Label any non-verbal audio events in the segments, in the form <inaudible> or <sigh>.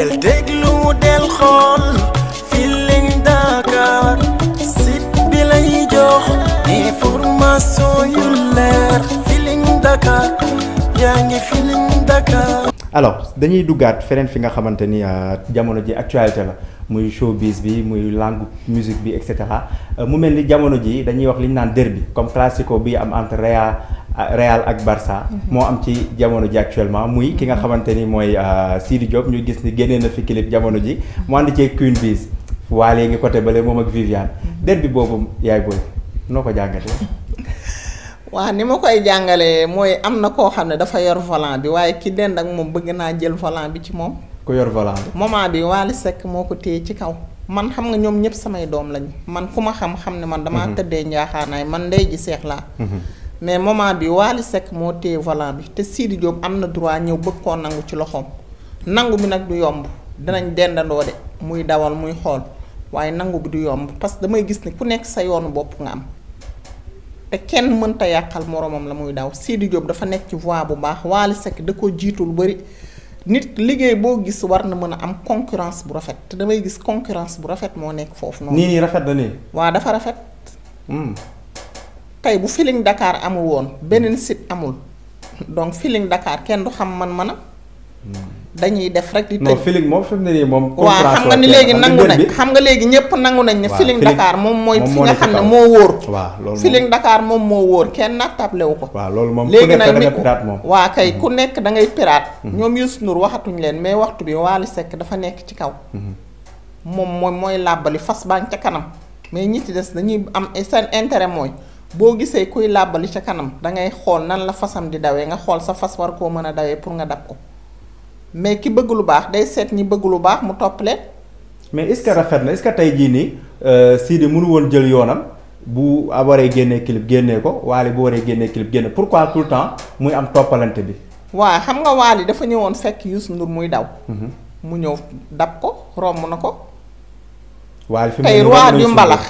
del déglu del xool Feeling Dakar site bi lay jox information yu leer Feeling Dakar yaa ngi Feeling Dakar. alors dañuy duggaat feneen fi nga xamante ni euh, jamono ji actualité la muy showbiz bi muy langue musique bi et cetera euh, mu mel ni jamono ji dañuy wax li ñu naan bi comme classico bi am entre Real ak Barça. Mhm. moo am ci jamono ji actuellement muy ki nga mhm. xamante ni mooy euh, Sidi Diop ñu gis ni génnee na fi clip jamono ji mu ànd ci Queen Biz waalee ngi côté bale moom ak Viviane mhm. derby boobu yaay booy noo ko jàngatee. <laughs> waaw ni ma koy jàngalee mooy am na koo xam ne dafa yor volant bi waaye ki dend ak moom bëgg naa jël volant bi ci moom. ku yor volant bi. moment bi Wally Seck moo ko téye ci kaw. man xam nga ñoom ñëpp samay doom lañu man ku ma xam xam ne man damaa tëddee njaaxaanaay man ndey ji seex laa mais moment bi Waly Seck moo téye volant bi te Sidi jóob am na droit ñëw bëgg koo nangu ci loxoom nangu bi nag du yomb dinañ dendandoo de muy dawal muy xool waaye nangu bi du yomb parce que damay gis ne ku nekk sa yoonu bopp nga am te kenn mënta yàqal moromam la muy daw Sidi Diop dafa nekk ci voie bu baax Waly Seck da ko lu bëri nit liggéey boo gis war na mën a am concurrence bu rafet te damay gis concurrence bu rafet moo nekk foofu noonu. nii nii rafet na nii. waaw dafa rafet. Hmm. tey bu Feeling Dakar amul woon beneen site amul donc Feeling Dakar kenn du xam man manam dañuy def rek di tëj non Feeling moom fi mu moom. waaw xam nga ni léegi nangu nañ xam nga léegi ñëpp nangu nañ ne. waaw Feeling Dakar moom mooy. fi nga xam ne moo wóor. waaw loolu moom Feeling Dakar moom moo wóor kenn naat wu ko. waaw loolu moom ku nekk da nga pirate waa kay ku mhm. nekk da ngay pirate. Mhm. ñoom Youssou Ndour waxatuñ leen mais waxtu bi Wally sekk dafa nekk ci kaw. Mhm. moom mooy mooy làbbali fas baa ca kanam mais ñi ci des dañuy am seen intérêt mooy boo gisee kuy làbbali ca kanam dangay xool nan la fasam di dawee nga xool sa fas war koo mën a dawee pour nga dab ko mais ki bëgg lu baax day seet ñi bëgg lu baax mu topp leen mais est-ce que rafet na est-ce que tey jii nii euh, Sidi mënu woon jël yoonam bu waree génnee clip génnee ko Wally bu waree génnee clip génne pourquoi tout le temps muy am toppalante bi. waaw xam nga Wally dafa ñëwoon fekk Youssou Ndour muy daw. Mhm. mu ñëw dab ko romb na ko. waaye fi tey roi du mbalax.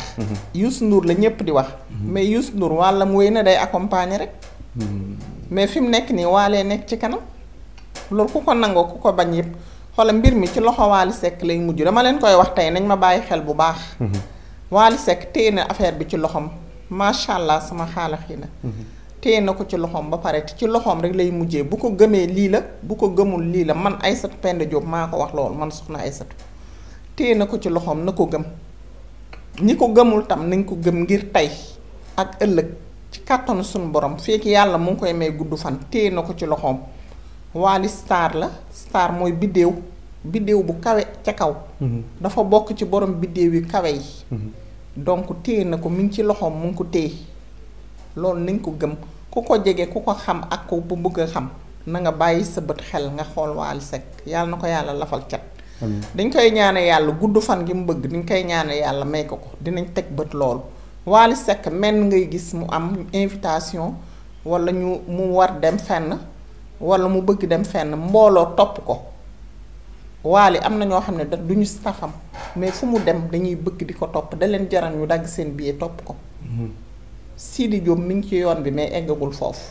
Youssou mhm. Ndour la ñëpp di wax. Mhm. mais Youssou Ndour wàllam wéy na day accompagner rek. Mhm. mais fi mu nekk nii waalee nekk ci kanam. loolu ku ko nangoo ku ko bañ yëpp xoolal mbir mi ci loxo Waly Seck lay mujj dama leen koy wax tey nañ ma bàyyi xel bu baax. Waly Seck téye na affaire bi ci loxoom macha allah sama xaalax yi na. ko ci loxoom ba pare ci loxoom rek lay mujjee bu ko gëmee lii la bu ko gëmul lii la man Aïssatou Penda Diop maa ko wax loolu man soxna Aïssatou. téye na ko ci loxoom na ko gëm ni ko gëmul tam nañ ko gëm ngir tey ak ëllëg ci kàttanu suñu borom fekk yàlla mu ngi koy may gudd fan téye na ko ci loxoom waali star la star mooy biddéew biddéew bu kawe ca kaw mhm. dafa bokk ci borom biddéew yu kawe yi mhm. donc téye na ko mi ngi ci loxoom mu ngi ko téye loolu nañ ko gëm ku ko jege ku ko xam ak ku bu bëgg xam na nga bàyyi sa bët xel nga xool waali sekk yàlla na ko yàlla lafal cat dañ koy ñaane yàlla gudd fan gi mu bëgg dañ koy ñaane yàlla may ko ko dinañ teg bët loolu Wally Seck menn ngay gis mu am invitation walla ñu mu war dem fenn wala mu bëgg dem fenn mbooloo topp ko Wally am na ñoo xam ne da du ñu stafam mais fu mu dem dañuy bëgg di ko topp da leen jaral ñu dagg seen billet topp ko mm-hmm. Sidi Diop mi ngi ci yoon bi mais eggagul foofu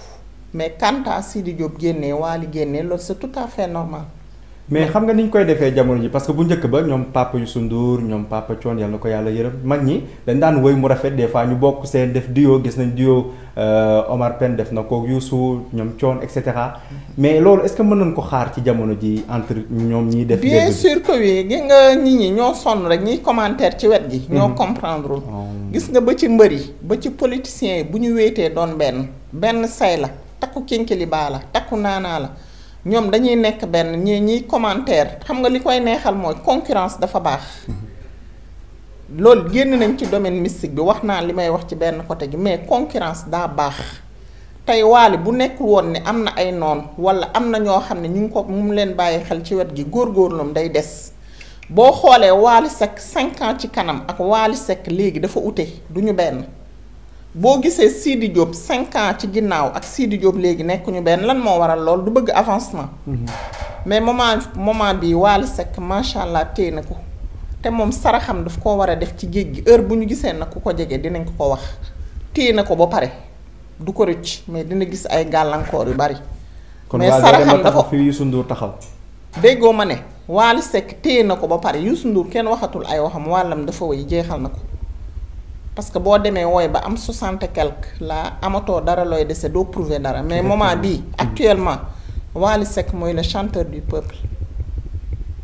mais quant à Sidi génnee Wally génnee loolu c'est tout à normal mais xam nga ni ñu koy defee jamono ji parce que bu njëkk ba ñoom papa Youssou Ndour ñoom papa Thione yàlla na ko yàlla yërëm mag ñi dañ daan woy mu rafet des fois ñu bokk seen def duo gis nañ duo euh, Omar Pène def na ko Youssou ñoom Thione et cetera mais loolu est-ce que mën nañ ko xaar ci jamono ji entre ñoom ñiy def bien sûr que oui gi nga nit ñi ñoo sonn rek ñiy commentaire ci wet gi mm-hmm. ñoo comprendrewul oh. gis nga ba ci mbër yi ba ci politiciens yi bu ñu wéetee doon benn benn say la takku kinkili baa la takku naanaa la ñoom dañuy nekk benn ñi ñiy commentaire xam nga li koy neexal mooy concurrence dafa baax loolu génn nañ ci domaine mystique bi wax naa li may wax ci benn côté gi mais concurrence daa baax tey waali bu nekkul woon ni am na ay noon wala am na ñoo xam ne ñu ngi ko mu leen bàyyi xel ci wet gi góorgóorloom day des boo xoolee waali sekk cinq ci kanam ak waali sekk léegi dafa wute du ñu benn boo gisee Sidi Diop cinq ans ci ginnaaw ak Sidi Diop léegi nekkuñu benn lan moo waral lool du bëgg avancement. Mm-hmm. mais moment moment bi Wally Seck macha allah téye na ko te moom saraxam daf koo war a def ci géej gi heure bu ñu gisee nag ku ko jege dinañ ko ko wax téye na ko ba pare du ko rëcc mais dina gis ay gàllankoor yu bari. mais saraxam dafa kon fi Youssou Ndour taxaw. déggoo ma ne Wally Seck téye na ko ba pare Youssou Ndour kenn waxatul ay waxam wàllam dafa wéy jeexal na ko. parce que boo demee wooy ba am soixante et quelque la amatoo dara looy dese doo prouver dara mais moment bii mm-hmm. actuellement Wally Seck mooy la chanteur du peuple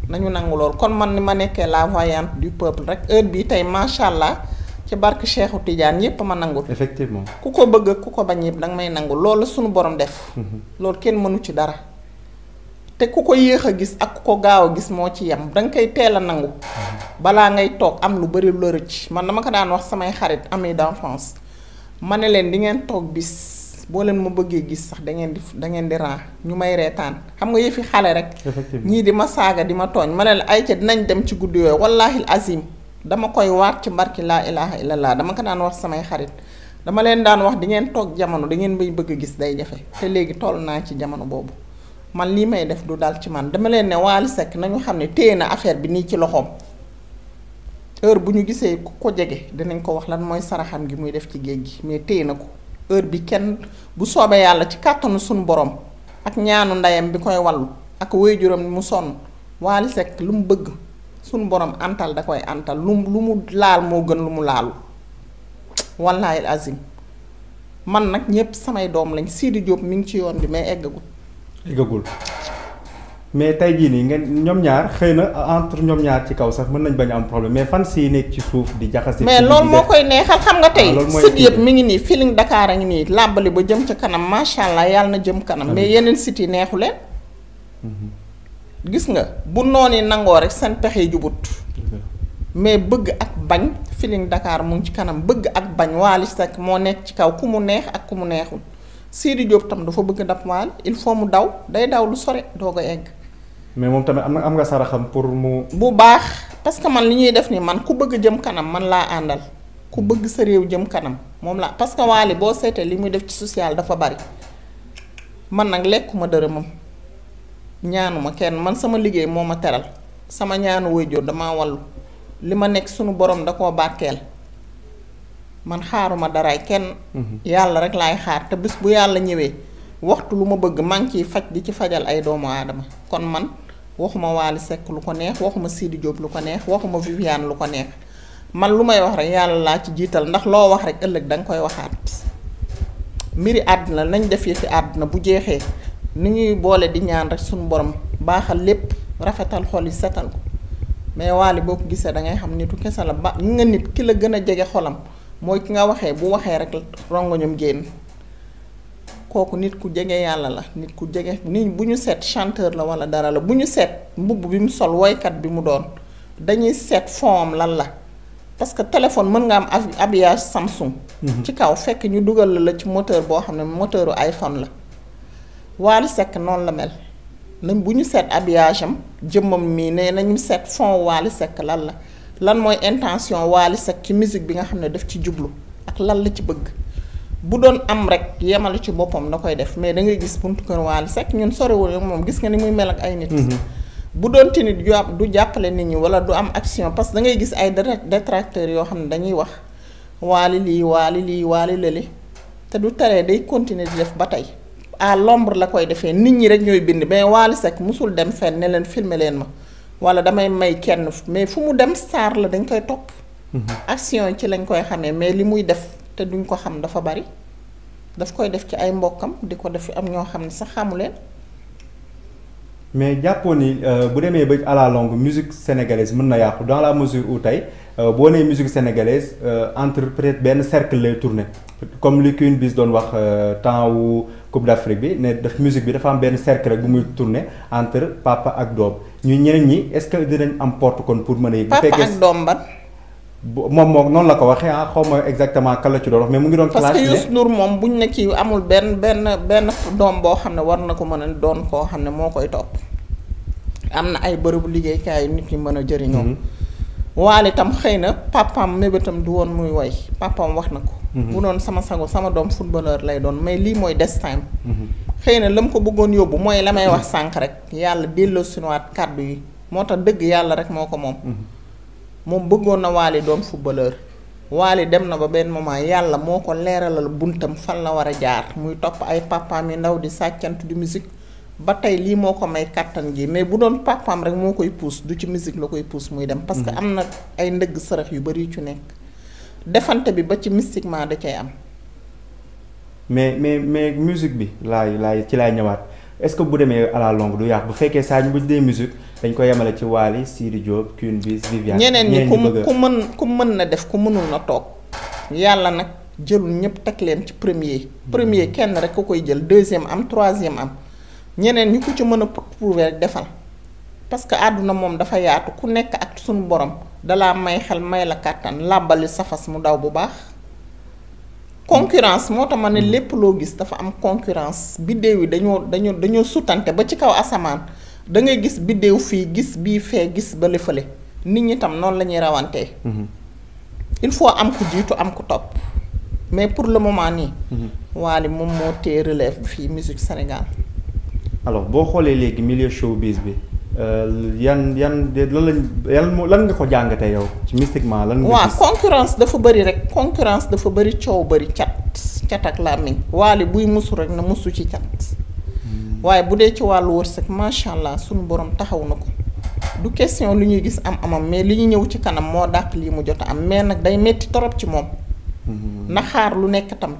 nañu nangu lool kon man ni ma nekkee la voyante du peuple rek heure bii tey macha allah ci barke Cheikhu Tidiane yépp ma nangu. effectivement ku ko bëgg ku ko bañ yëpp danga may nangu loolu la suñu borom def. Mm-hmm. loolu kenn mënu ci dara. te ku ko yéex a gis ak ku ko gaaw a gis moo ci yem danga koy teel a nangu balaa ngay toog am lu bari la rëcc man dama ko daan wax samay xarit ami d'enfance ma ne leen di ngeen toog bis boo leen ma bëggee gis sax da ngeen di da ngeen di ran ñu may reetaan xam nga yëfi xale rek ñii di ma saaga di ma tooñ ma ne la ay ca dinañ dem ci guddi yooyu wallaahil azim dama koy waat ci mbarki laa ilaha illallah dama ko daan wax samay xarit dama leen daan wax di ngeen toog jamono da ngeen bëgg a gis day jafe léegi toll naa ci jamono boobu man lii may def du dal ci man dama leen ne Wally Seck nañu xam ne téye na affaire bi nii ci loxoom heure bu ñu gisee ku ko jege dinañ ko wax lan mooy saraxam gi muy def ci géej gi mais téye na ko heure bi kenn bu soobee yàlla ci kàttanu suñu borom ak ñaanu ndeyam bi koy wallu ak waajuram mu sonn Wally Seck lu mu bëgg suñu borom antal da koy antal lu lu mu laal moo gën lu mu laalu wallaahi azim man nag ñépp samay doom lañ Sidi Diop mi ngi ci yoon bi may eggagut eggagul mais tey jii nii ngeen ñoom ñaar xëy na entre ñoom ñaar ci kaw sax mën nañ bañ am problème mais fan sii nekk ci suuf di jaxase. mais loolu moo koy neexal xam nga tey. Ah, site yëpp mi ngi nii Feeling Dakar a ngi nii làbbali ba jëm ca kanam macha allah yàlla na jëm kanam. mais yeneen site yi neexu leen. Mhm. gis nga bu noonu nangoo rek seen pexe jubut. mais bëgg ak bañ Feeling Dakar mu ci kanam bëgg ak bañ Wally Seck moo nekk ci kaw ku mu neex ak ku mu neexul. Sidi Diop tam dafa bëgg dab maan il faut mu daw day daw lu sore doo a egg. mais moom tamit am na am nga saraxam pour mu. bu baax parce que man li ñuy def ni man ku bëgg jëm kanam man laa àndal ku bëgg sa réew jëm kanam moom laa parce que Waly boo seetee li muy def ci social dafa bari man nag lekkuma dërëmam ñaanuma kenn man sama liggéey moo ma teral sama ñaanu waajur damaa wallu li ma nekk sunu borom da koo barkeel. man xaaruma daraay kenn mhm. yàlla rek laay xaar te bés bu yàlla ñëwee waxtu lu ma bëgg maa ngi ciy faj di ci fajal ay doomu aadama kon man waxuma Waly Seck lu ko neex waxuma Sidi Diop lu ko neex waxuma Viviane lu ko neex man lu may wax rek yàlla laa ci jiital ndax loo wax rek ëllëg danga koy waxaat mbiri àddina nañ def yëfi àddina bu jeexee ni ñuy boole di ñaan rek suñu borom baaxal lépp rafetal xol yi setal ko mais Waly boo ko gisee da ngay xam nitu kese la ba nga nit ki la gën a jege xolam mooy ki nga waxee bu waxee rek rongoñum génn kooku nit ku jege yàlla la nit ku jege nit bu ñu seet chanteur la wala dara la bu ñu seet mbubb bi mu sol woykat bi mu doon dañuy seet fond lan la parce que téléphone mën nga am habillage Samsung. Mhm. ci kaw fekk ñu dugal la la ci moteur boo xam ne moteuru iPhone la. Wally sekk noonu la mel nañ bu ñu seet habillage am jëmmam mii nee nañu seet fond Wally sekk lan la. lan mooy intention Wally Seck ci musique bi nga xam ne daf ci jublu ak lan la ci bëgg bu doon am rek yemale ci boppam na koy def mais da ngay gis buntu kër Wally Seck ñun sorewul ak moom gis nga ni muy mel ak ay nit. Mhm. bu doon te nit du jàppale nit ñi wala du am action parce que da ngay gis ay détracteurs yoo xam ne dañuy wax Wally lii Wally lii Wally lële te du teree day continuer di def ba tey. à l'ombre la koy defee nit ñi rek ñooy bind mais Wally Seck musul dem fenn ne leen filmer leen ma. wala damay may kenn mais fu mu dem saar la dañ koy topp. Mhm. action yi ci lañ koy xamee mais li muy def te duñ ko xam dafa bari daf koy def ci ay mbokkam di ko def am ñoo xam ne sax xamu leen mais jàppoon ni euh, bu demee ba à la longue musique sénégalaise mën na yàqu dans la mesure où tey euh, boo nee musique sénégalaise euh, entre peut-être benn cercle lay tourner comme li Queen Biz doon wax temps wu Coupe d'Afrique bi ne daf musique bi dafa am benn cercle bu muy tourner entre papa ak doom ñu ñeneen ñi est-ce que dinañ am porte kon pour mën a. bu fekkee ak doom ban. moom moo noonu la ko waxee ah xaw ma exactement kan la ci doon wax mais mu ngi doon. parce que Youssou Ndour moom buñ ne kii amul benn benn benn doom boo xam ne war na ko mën a doon koo xam ne moo koy topp am na ay bërëbu liggéeykaay nit ñi mën a jëriñoo. Mm-hmm. waale itam xëy na papam mébétam du woon muy woy papam wax na ko. Mm-hmm. bu doon sama sago sama doom footballeur lay doon mais lii mooy destin. Mm-hmm. xëy na la mu ko bëggoon yóbbu mooy la may wax sànq rek yàlla delloo suñu waat kàddu yi moo tax dëgg yàlla rek moo ko moom. moom bëggoon na Waly doon footballeur Waly dem na ba benn moment yàlla moo ko leeralal buntam fan la war a jaar muy topp ay papaam yu ndaw di sàccant du musique ba tey lii moo ko may kàttan gi mais bu doon papaam rek moo koy pousse du ci musique la koy pousse muy dem. parce que mm-hmm. am na ay ndëgg sërëx yu bari yu ci nekk defante bi ba ci mystiquement da cay am. mais mais mais musique bi laay laay ci laay ñëwaat est-ce que bu demee à la longue du yàq bu fekkee saa ñu bu dee musique. dañ ko yemale ci Wally Sidi Diop Queen Biz Viviane ñeneen ñi ku ku mën ku mën na def ku mënul na toog yàlla nag jëlul ñëpp teg leen ci premier hmm. premier kenn rek ku koy jël deuxième am troisième am ñeneen ñi ku ci mën a prouver rek defal parce que àdduna moom dafa yaatu ku nekk ak suñu borom dalaa may xel may la kàttan làbbali safas mu daw bu baax concurrence moo tax ma ne hmm. lépp loo gis dafa am concurrence biddéew yi dañoo dañoo dañoo sutante ba ci kaw asamaan da ngay gis biddéew fii gis bii fee gis ba fële nit ñi tam noonu la ñuy rawantee mhm. il faut am ku jiitu am ku topp mais pour le moment nii mhm. Wally moom moo téye relève bi fii musique Sénégal alors boo xoolee léegi milieu showbiz bi euh, yan yan lan lan nga ko jàngatee yow ci mystiquement lan nga waaw concurrence dafa bëri rek concurrence dafa bëri coow bëri cat cat ak làmmiñ Wally buy musu rek na mosu ci cat waaye bu dee ci wàllu wërsëg macha allah sunu borom taxaw na ko du question lu ñuy gis am amam mais li ñu ñëw ci kanam moo dàq lii mu jot am mais nag day metti torop ci moom. Mm-hmm. na xaar lu nekk tam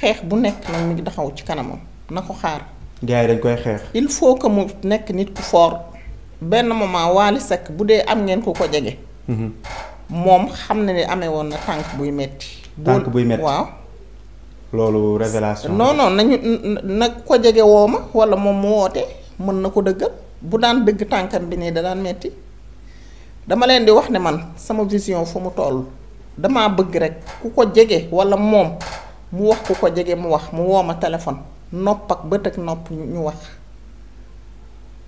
xeex bu nekk nag mu ngi ci kanamam na ko xaar. gars koy xeex. il faut que mu nekk nit ku foor benn moment Wally Seck bu dee am ngeen ko ko jege. Mm-hmm. moom xam na ne amee woon na tànk buy metti tànk buy metti waaw. loolu révélation non non nañu nag ko jege woo ma wala moom mu wootee mën na ko dëggal bu daan dëgg tànkam bi nii da daan metti dama leen di wax ne man sama vision fu mu toll damaa bëgg rek ku ko jege wala moom mu wax ku ko jege mu wax mu woo ma téléphone nopp ak bët ak nopp ñu wax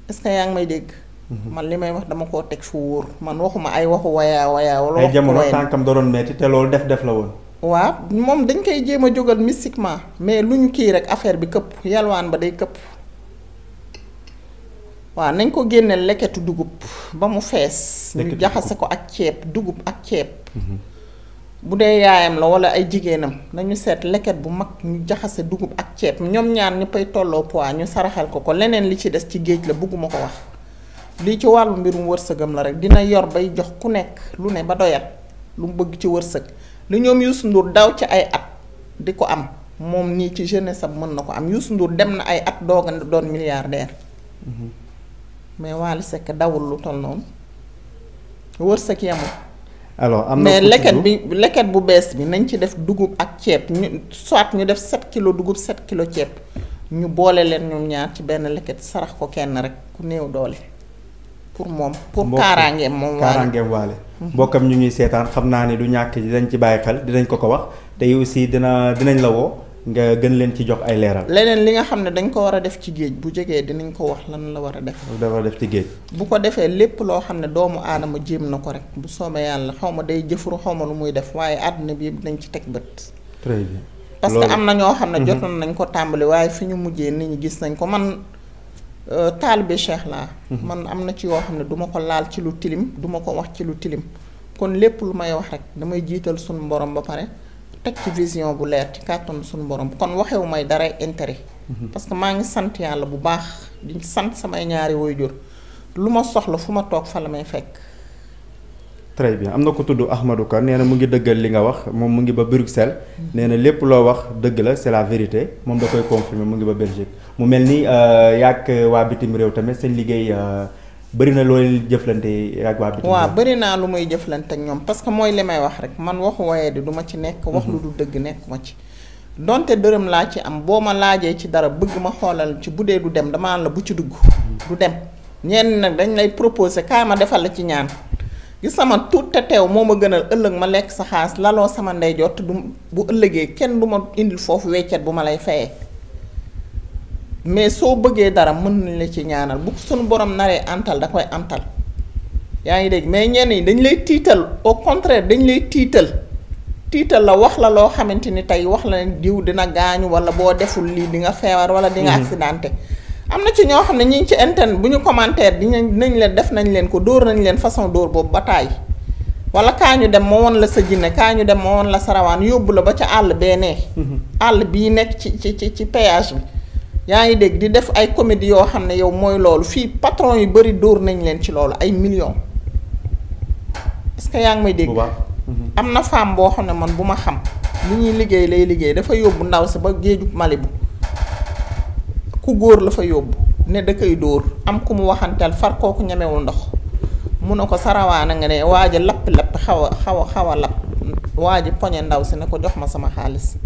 est-ce yaa ngi may dégg. Mhm. man li may wax dama koo teg fu wóor man waxuma ay waxu wayaa wayaa. wala waxu ay jamono tànkam da doon metti te loolu def def la woon. waa moom dañ koy jéem a jógal mystiquement mais lu ñu kii rek affaire bi këpp yalwaan ba day këpp waa nañ ko génneel leketu dugub ba mu fees ñu jaxase ko ak ceeb dugub ak ceeb mhm. bu dee yaayam la walla ay jigéenam nañu seet leket bu mag ñu jaxase dugub ak ceeb ñoom ñaan ñaar ñëppay tolloo poids ñu saraxal ko ko leneen li ci des ci géej la bugguma ko wax lii ci wàllu mbirum wërsëgam la rek dina yor bay jox ku nekk lu ne ba doyal lu bëgg ci wërsëg li ñoom Youssou Ndour daw ci ay at di ko am moom nii ci jeunesse am mën na ko am Youssou Ndour dem na ay at doog a doon milliardaire mhm. mais Wally Seck dawul lu toll noonu wërsëg yamul am na mais leket bi leket bu bees bi nañ ci def dugub ak ceeb ñu soit ñu def 7 kilo dugub 7 kilo ceeb ñu boole leen ñoom ñaar ci benn leket sarax ko kenn rek ku néew doole. pour moom pour kaaraangeem moom kaaraangeem waale mbokkam ñu ñuy seetaan xam naa ne du ñàkk dinañ ci bàyyi xel dinañ ko ko wax te aussi dina dinañ la nga gën leen ci jox ay leeral. leneen li nga xam ne dañ ko war a def ci géej bu jegee dinañ ko wax lan la war a def. da war a ci géej. bu ko defee lépp loo xam ne doomu aadama jéem na ko rek bu soobee yàlla xaw ma day jëfru xaw ma lu muy def waaye àdduna bi yëpp dinañ ci teg bët. très bien parce que am na ñoo xam ne mhm. jotoon nañ ko tàmbali waaye fi ñu mujjee nit ñi gis nañ ko man. Euh, taalibe cheikh laa mhm. man am na ci yoo xam ne duma ko laal ci lu tilim duma ko wax ci lu tilim kon lépp lu may wax rek damay jiital suñu borom ba pare teg ci vision bu leer ci kàttanu suñu borom kon waxewu may daray intérêt mhm. parce que maa ngi sant yàlla bu baax di sant samay ñaari jur lu ma soxla fu ma toog fa la may fekk très bi am na ko tudd Ahmadou Kane nee na mu ngi dëggal li nga wax moom mu ngi ba Bruxelles nee na lépp loo wax dëgg la c'est la vérité moom da koy confirmer mu ngi ba Belgique mu mel ni euh, yàgg euh, waa bitim réew tamit seen liggéey euh, bëri na looy jëflante ak waa bitim réew waaw bëri naa lu muy jëflante ak ñoom parce que mooy li may wax rek man waxu wooyee di du ma ci nekk wax lu mhm. du dëgg nekk ma ci donte dërëm laa ci am boo ma laajee ci dara bëgg ma xoolal ci bu dem damaa la bu ci dugg du dem ñenn dañ lay proposer kaay defal la ci ñaan gi sama tuut te teew moo ma gënal ëllëg ma lekk sa xaas laloo sama ndey jot du bu ëllëgee kenn du ma indil foofu weccet bu ma lay fayee mais soo bëggee dara mën nañ la ci ñaanal bu suñu borom naree antal da koy antal yaa ngi dégg mais ñenn ñi dañ lay tiital au contraire dañ lay tiital tiital la wax la loo xamante ni tey wax la diw dina gaañu wala boo deful lii di nga feebar wala di nga mhm. accidenté am na ci ñoo xam ne ñi ngi ci internet bu ñu commentaire di nañ leen def nañ leen ko dóor nañ leen façon dóor boobu ba tàyyi wala kaa ñu dem ma woon la sa jinne kaa ñu dem ma woon la sa rawaan yóbbu la ba ca àll beenee mhm. àll bi nekk ci ci ci ci péage bi yaa ngi dégg di def ay comédie yoo xam ne yow mooy loolu fii patron yu bari dóor nañ leen ci loolu ay millions est que yaa ngi may dégg mhm. am na femme boo xam ne man bu ma xam li ñuy liggéey lay liggéey dafa yóbbu ndaw si ba géejub Malibu ku góor la fa yóbbu ne da koy dóor am ku mu waxanteel far kooku ñemewul ndox mu ne ko sarawaana nga ne waaja a lapp-lapp xaw a xaw xaw a lapp waaji poñe ndaw si ne ko jox ma sama xaalis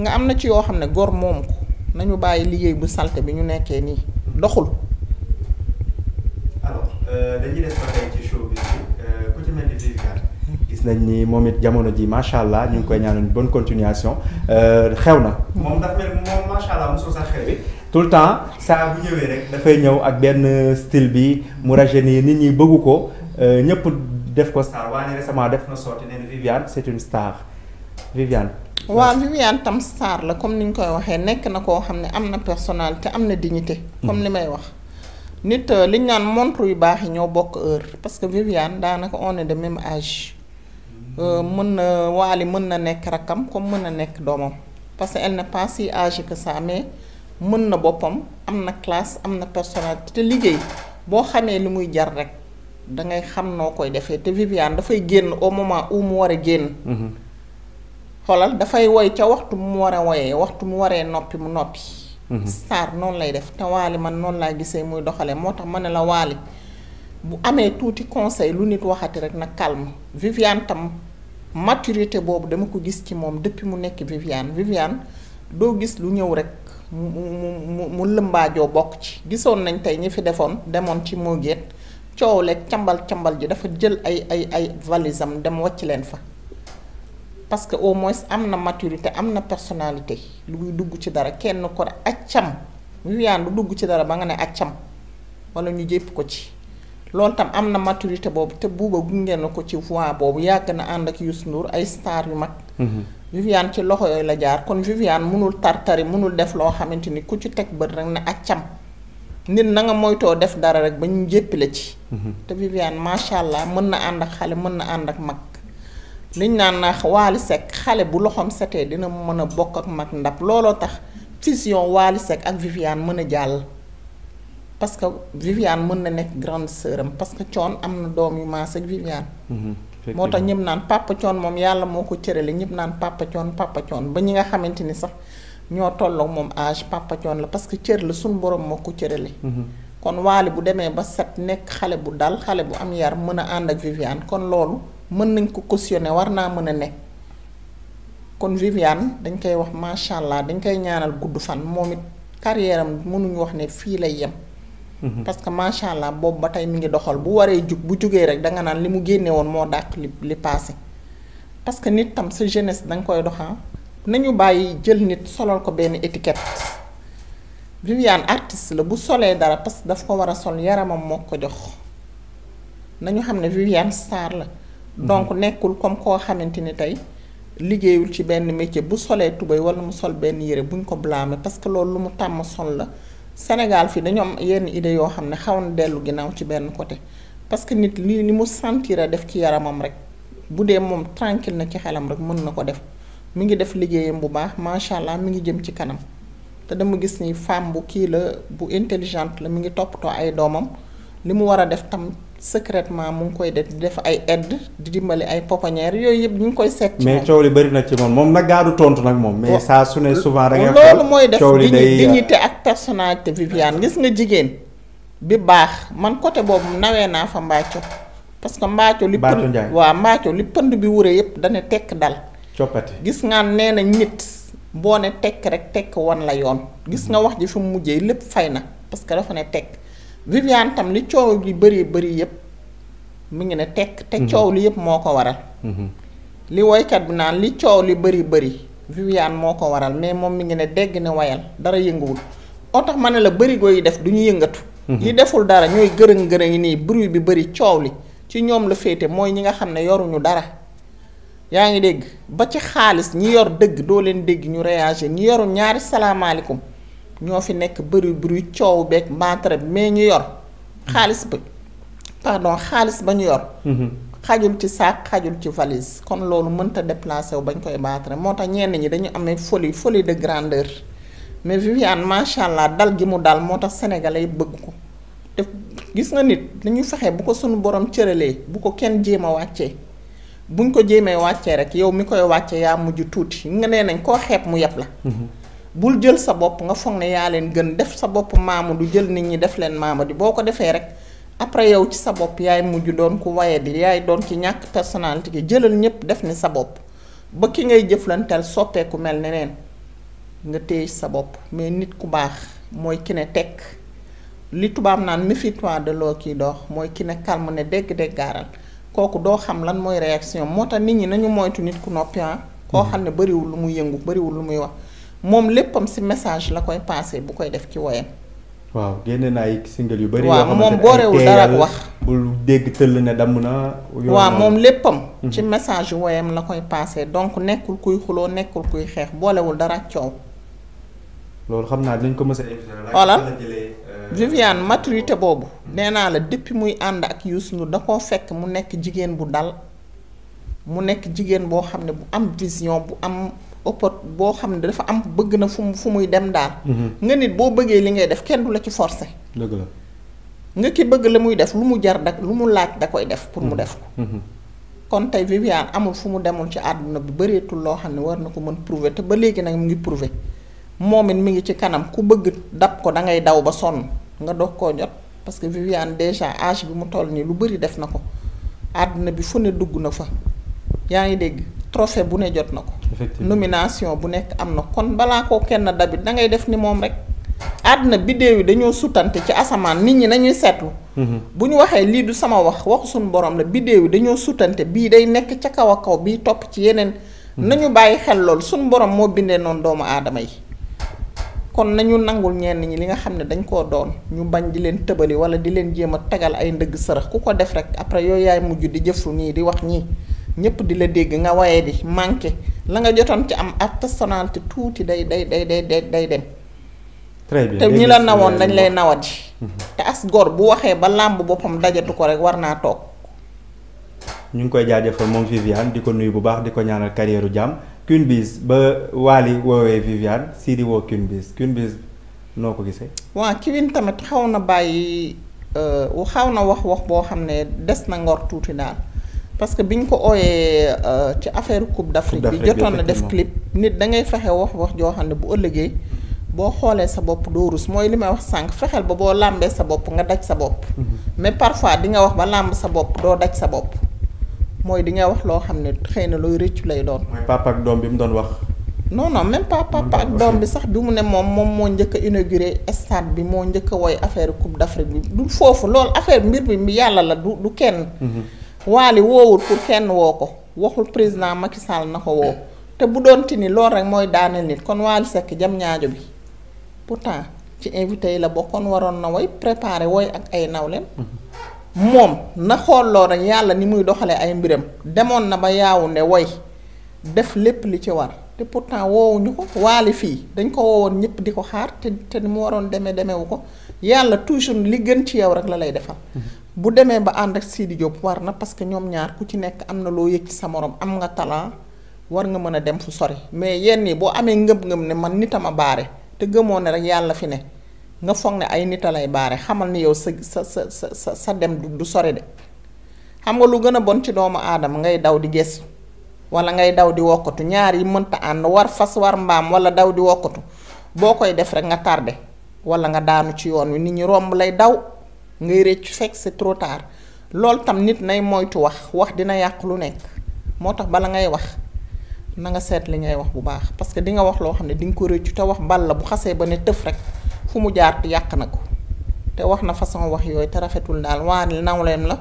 nga am na ci yoo xam ne góor moom ko nañu bàyyi liggéey bu salte bi ñu nekkee nii doxul alors euh, dañuy euh, gis nañ ni moom it jamono ji macha allah ñu ngi koy ñaanal bonne continuation euh, xew na moom daf mel moom macha allah mosoo sax xew bi tout le temps saa bu ñëwee rek dafay ñëw ak benn style bi mu rajeunir nit ñi bëggu ko euh, ñëpp def ko star waaye récemment def na sorti nee na Viviane c'est une star Viviane. waaw Viviane tam star la comme ni ñu koy waxee nekk na koo xam ne am na personnalité am na dignité. comme li may wax. nit euh, liñ naan montre yu baax yi ñoo bokk heure parce que Viviane daanaka on est de même âge. Euh, mën na Wally mën na nekk rakkam comme mën na nekk doomam parce que elle n'est pas si âgée que mën na boppam am na classe am na personnalité te liggéey boo xamee li muy jar rek dangay xam noo koy defee te Viviane dafay génn au moment où mu war a génn. Mhm. xoolal dafay woy ca waxtu mu war a woyee waxtu mu waree noppi mu noppi. Mhm. Sarr noonu lay def te Waali man noonu laa gisee muy doxalee moo tax ma ne la Waali bu amee tuuti conseil lu nit waxati rek na kalm Viviane tam maturité boobu dama ko gis ci moom depuis mu nekk Viviane Viviane doo gis lu ñëw rek. mu mu mu mu lëmbaajoo bokk ci gisoon nañ tey ñi fi defoon demoon ci moo coow leeg cambal cambal ji dafa jël ay ay ay valisam dem wàcc leen fa parce que au moins am na maturité am na personnalité lu muy dugg ci dara kenn ko accam Viviane lu dugg ci dara ba nga ne accam walla ñu jépp ko ci lool tam am na maturité boobu te buuba gungeen ko ci voie boobu yàgg na ànd ak Youssou Ndour ay star yu mag mm-hmm. Viviane ci loxo yooyu la jaar kon Viviane mënul tartari mënul def loo xamante ni ku ci teg bët rek na ak cam nit na moytoo def dara rek ba ñu jéppi la ci. Mhm. te Viviane macha allah mën na ànd ak xale mën na ànd ak mag. liñ naan na Waly Seck xale bu loxoom setee dina mën a bokk ak mag ndab looloo tax fusion Waly Seck ak Viviane mën a jàll. parce que Viviane mën na nekk grande sœuram parce que coon am na doom yu maas ak Viviane. Mhm. moo tax ñëpp naan papa moom yàlla moo ko cërale ñëpp naan papa coon papa coon ba ñi nga xamante ni sax ñoo tolloo moom âge papa la parce que cër la suñ borom moo ko cërale mhm. kon waali bu demee ba set nekk xale bu dal xale bu am yar mën a ànd ak Viviane kon loolu mën nañ ko cautionné war naa mën a ne kon Viviane dañ koy wax macha allah dañ koy ñaanal gudd fan moom it carrière am mënuñu wax ne fii lay yem. Mhm. parce que macha allah boobu ba tey mi ngi doxal bu waree jug bu jugee rek danga naan li mu génne woon moo dàq li li paase. parce que nit tam sa jeunesse danga koy doxaan ah. nañu bàyyi jël nit solal ko benn étiquette Viviane artiste la bu solee dara parce que daf ko war a sol yaramam moo ko jox nañu xam ne Viviane star la. Mhm. donc nekkul comme koo xamante ni tey liggéeyul ci benn métier bu solee tubéy wala mu sol benn yére buñ ko blâmer parce que loolu lu mu tàmm sol la. Sénégal fii dañu yenn idée yoo xam ne xaw na dellu ginnaaw ci benn côté parce que nit li ni mu sentir a def ci yaramam rek bu dee moom tranquille na ci xelam rek mën na ko def mi ngi def liggéeyam bu baax macha allah mi ngi jëm ci kanam te dama gis ni femme bu kii la bu intelligente la mi ngi toppatoo ay doomam li mu war a def tam secrètement mu ngi koy def di def ay aide di dimbali ay pouponnières yooyu yëpp ñu ngi koy seet. ci mais coow li bëri na ci moom moom nag gaadu tontu nag moom. mais saa su ne souvent rek ngay xool loolu mooy def dignité ak personnalité Viviane gis nga jigéen bi baax man côté boobu nawee naa fa mbàcco parce que mbàcco li pënd waaw mbàcco li pënd bi wure yëpp dana tekk dal. coppati gis nga nee na nit boo ne tekk rek tekk wan la yoon. gis nga mm-hmm. wax ji fi mu mujjee lépp fay na parce que dafa ne tekk. Viviane tam li coow li bëri bari yëpp mu ngi ne tekk te mhm. coow li yëpp moo ko waral. Mhm. li woykat bi naan li coow li bëri bëri Viviane moo ko waral mais moom mi ngi ne dégg ne wayal dara yënguwul oo tax ma ne la bërigo yi def du ñu yëngatu. yi mhm. deful dara ñooy gërëng gërëng yi nii bruit bi bëri coow li ci ñoom la féete mooy ñi nga xam ne yoruñu dara. yaa ngi dégg ba ci xaalis ñi yor dëgg doo leen dégg ñu réagir ñi yoru ñaari salaamaaleykum. ñoo fi nekk bëri bruit coow beeg mbaantare mais ñu yor xaalis ba pardon xaalis ba ñu yor mhm. xajul ci saak xajul ci valise kon loolu mënta déplacé wu bañ koy baatare moo tax ñeen ñi dañu amee folie folie de grandeur mais Viviane macha allah dal gi mu daal moo tax sénégalais bëgg ko te gis nga nit dañu fexe bu ko sunu borom cëralee bu ko kenn jéem a wàccee buñ ko jéemee wàccee rek yow mi koy wàccee yaa mujj tuuti nga nee nañ koo xeeb mu yeb la mhm. bul jël sa bopp nga foog ne yaa leen gën def sa bopp maamu du jël nit ñi def leen maama di boo ko defee rek après yow ci sa bopp yaay mujj doon ku waye di yaay doon ci ñàkk personnalité gi jëlal ñëpp def ni sa bopp ba ki ngay jëflanteel soppeeku mel ne neen nga téye sa bopp mais nit ku baax mooy ki ne tekk li tubaab naan méfie-toi de l'eau qui dort mooy ki ne calme ne dégg-déggaaral kooku doo xam lan mooy réaction moo tax nit ñi nañu moytu nit ku noppi ah. koo mm-hmm. xam ne bariwul lu muy yëngu bariwul lu muy wax moom léppam si message la koy passé bu koy def ci woyam waaw génne naa ay single yu bëri. waaw moom boorewul dara ak wax bul dégg tëll ne damm na. waaw moom léppam. ci mhm. message woyam la koy passé donc nekkul kuy xuloo nekkul kuy xeex boolewul dara ak coow. loolu xam naa dañ ko mës a xoolal euh, Viviane maturité boobu. Mhm. nee naa la depuis muy ànd ak Youssou Ndour da koo fekk mu nekk jigéen bu dal mu nekk jigéen boo xam ne bu am vision bu am. opport boo xam ne dafa am bëgg na fu mu fu muy dem daal. Mhm. nga nit boo bëggee li ngay def kenn du la ci forcer. dëgg la nga ki bëgg la muy def lu mu jar da lu mu laaj da koy def pour mu mhm. def ko. Mhm. kon tey Viviane amul fu mu demul ci àdduna bi bëreetul loo xam ne war na ko mën prouver te ba léegi nag mu ngi prouver moom it mi ngi ci kanam ku bëgg dab ko da ngay daw ba sonn nga doog koo jot parce que Viviane déjà age bi mu toll nii lu bëri def na ko àdduna bi fu ne dugg na fa yaa ngi dégg. trophée bu ne jot na ko. nomination bu nekk am na kon balaa ko kenn dabit da ngay def ni moom rek. àdduna biddéew yi dañoo sutante ci asamaan nit ñi nañuy seetlu. Mhm. bu ñu waxee lii du sama wax waxu suñu borom la biddéew yi dañoo sutante bii day nekk ca kaw a kaw bii topp ci yeneen. Mhm. nañu bàyyi xel loolu suñu borom moo bindee noonu doomu aadama yi. kon nañu nangul ñenn ñi li nga xam ne dañ koo doon ñu bañ di leen tëbali wala di leen jéem a tegal ay ndëgg sërëx ku ko def rek après yooyu yaay mujj di jëflu nii di wax ñii. ñëpp di la dégg nga waye di manqué la nga jotoon ci am ak personnalité tuuti day day day day day dem. très bien te ñi la nawoon euh, dañ lay nawati. Mhm. te as gor bu waxee ba làmb boppam dajatu ko rek war naa toog. ñu ngi koy jaajëfal moom Viviane di ko nuyu bu baax di ko ñaanal carrière jàmm Queen Biz ba Waly woowee Viviane Sidi woo Queen Biz Queen Biz noo ko gisee. waaw Queen tamit xaw na bàyyi euh, xaw na wax wax boo xam ne des na ngor tuuti daal. parce que bi ñu ko ooyee euh, ci affaire coupe d'Afrique bi jotoon na def clip nit da ngay fexe wax wax joo xam ne bu ëllëgee boo xoolee sa bopp doo rus mooy li may wax sànq fexeel ba boo làmbee sa bopp nga daj sa bopp mhm. mais parfois di nga wax ba làmb sa bopp doo daj sa bopp mooy di nga wax loo xam ne xëy na looy rëccu lay doon mooy papa ak doom bi mu doon wax non non même pas papa ak doom bi sax bi mu ne moom moom moo njëkk a inauguré stade bi moo njëkk a woy affaire coupe d'Afrique bi foofu loolu affaire mbir bi yàlla la du du waali woowul pour kenn woo ko waxul président Macky Sall na ko woo te bu doon ti ni loolu rek mooy daaneel nit kon waali sekk jam ñaajo bi pour temps ci invité yi la bokkoon waroon na woy préparé woy ak ay nawleem moom na xoolloo rek yàlla ni muy doxalee ay mbiram demoon na ba yaawu ne woy def lépp li ci war te pour temps woowuñu ko waali fii dañ ko woowoon ñëpp di ko xaar te te ni mu waroon demee demewu ko yàlla toujours li gën ci yow rek la lay defal bu demee ba ànd ak Sidi Diop war na parce que ñoom ñaar ku ci nekk am na loo yëg ci sa morom am nga talent war nga mën a dem fu sori mais yenn yi boo amee ngëm-ngëm ne man nit a ma baare te gëmoo ne rek yàlla fi ne nga foog ne ay nit a lay baare xamal ni yow sa sa sa sa sa dem du sori de xam nga lu gën a bon ci doomu aadama ngay daw di gestu wala ngay daw di wokkatu ñaar yi mënta ànd war fas war mbaam wala daw di wokkatu boo koy def rek nga tardé wala nga daanu ci yoon wi nit ñi romb lay daw. ngay rëccu fekk c'est trop tard loolu tam nit nay moytu wax wax dina yàq lu nekk moo tax bala ngay wax na nga seet li ngay wax bu baax parce que di nga wax loo xam ne di nga ko réccu te wax bal la bu xasee ba ne tëf rek fu mu jaar yàq na ko te wax na façon wax yooyu te rafetul daal waane nawleem la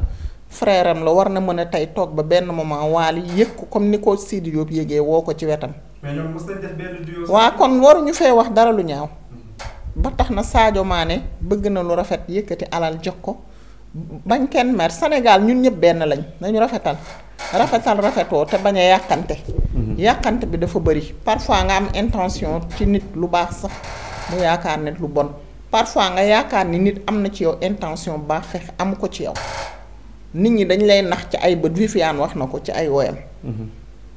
frère am la war na mën a tey toog ba benn moment waali yëg ko comme ni ko Sidi Diop woo ko ci wetam. waa kon waruñu fee wax dara lu ñaaw. ba tax na Sadio Mané bëgg na lu rafet yëkkati alal jox ko bañ kenn mer Sénégal ñun ñëpp benn lañ nañu rafetal rafetal rafetoo te bañ a yàqante mhm. yàqante bi dafa bëri parfois nga am intention ci nit lu baax sax mu yaakaar ne lu bon parfois nga yaakaar ni nit am na ci yow intention baax fex am ko ci yow nit ñi dañ lay nax ci ay bët Viviane wax na ko ci ay woyam mhm.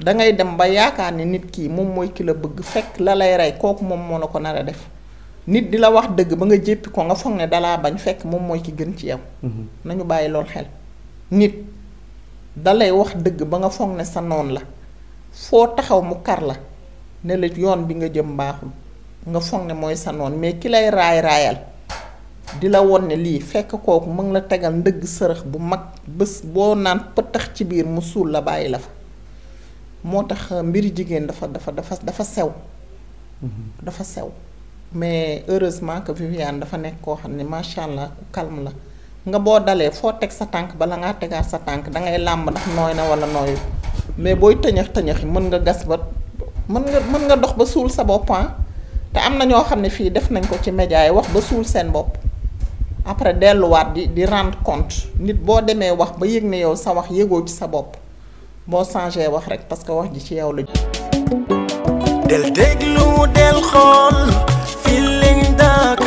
dangay dem ba yaakaar ni nit kii moom mooy kilo bëgg fekk la lay rey kooku moom moo la ko nar def nit di la wax dëgg ba nga jéppi ko nga foog ne dalaa bañ fekk moom mooy ki gën ci yow. Mhm. nañu bàyyi lool xel. nit dalay wax dëgg ba nga foog ne sa noon la foo taxaw mu kar la ne la yoon bi nga jëm baaxul nga foog ne mooy sa noon mais ki lay raay raayal di la won ne lii fekk kooku mu ngi la tegal ndëgg sërëx bu mag bés boo naan pëtax ci biir mu suul la bàyyi la fa moo tax euh, mbiri jigéen dafa dafa dafa dafa sew. Mhm. dafa sew. mais heureusement que Viviane dafa nekk koo xam ne macha allah ku calme la nga boo dalee foo teg sa tànk bala ngaa tegaat sa tànk dangay làmb ndax nooy na wala nooyu mais booy tëñëx tëñëxi mën nga gas ba mën nga mën nga dox ba suul sa boppa ah. te am na ñoo xam ne fii def nañ ko ci média yi wax ba suul seen bopp après delluwaat di di rendre compte nit boo demee wax ba yëg ne yow sa wax yëgoo ci sa bopp boo changé wax rek parce que wax ji ci yow la. del déglu del xool.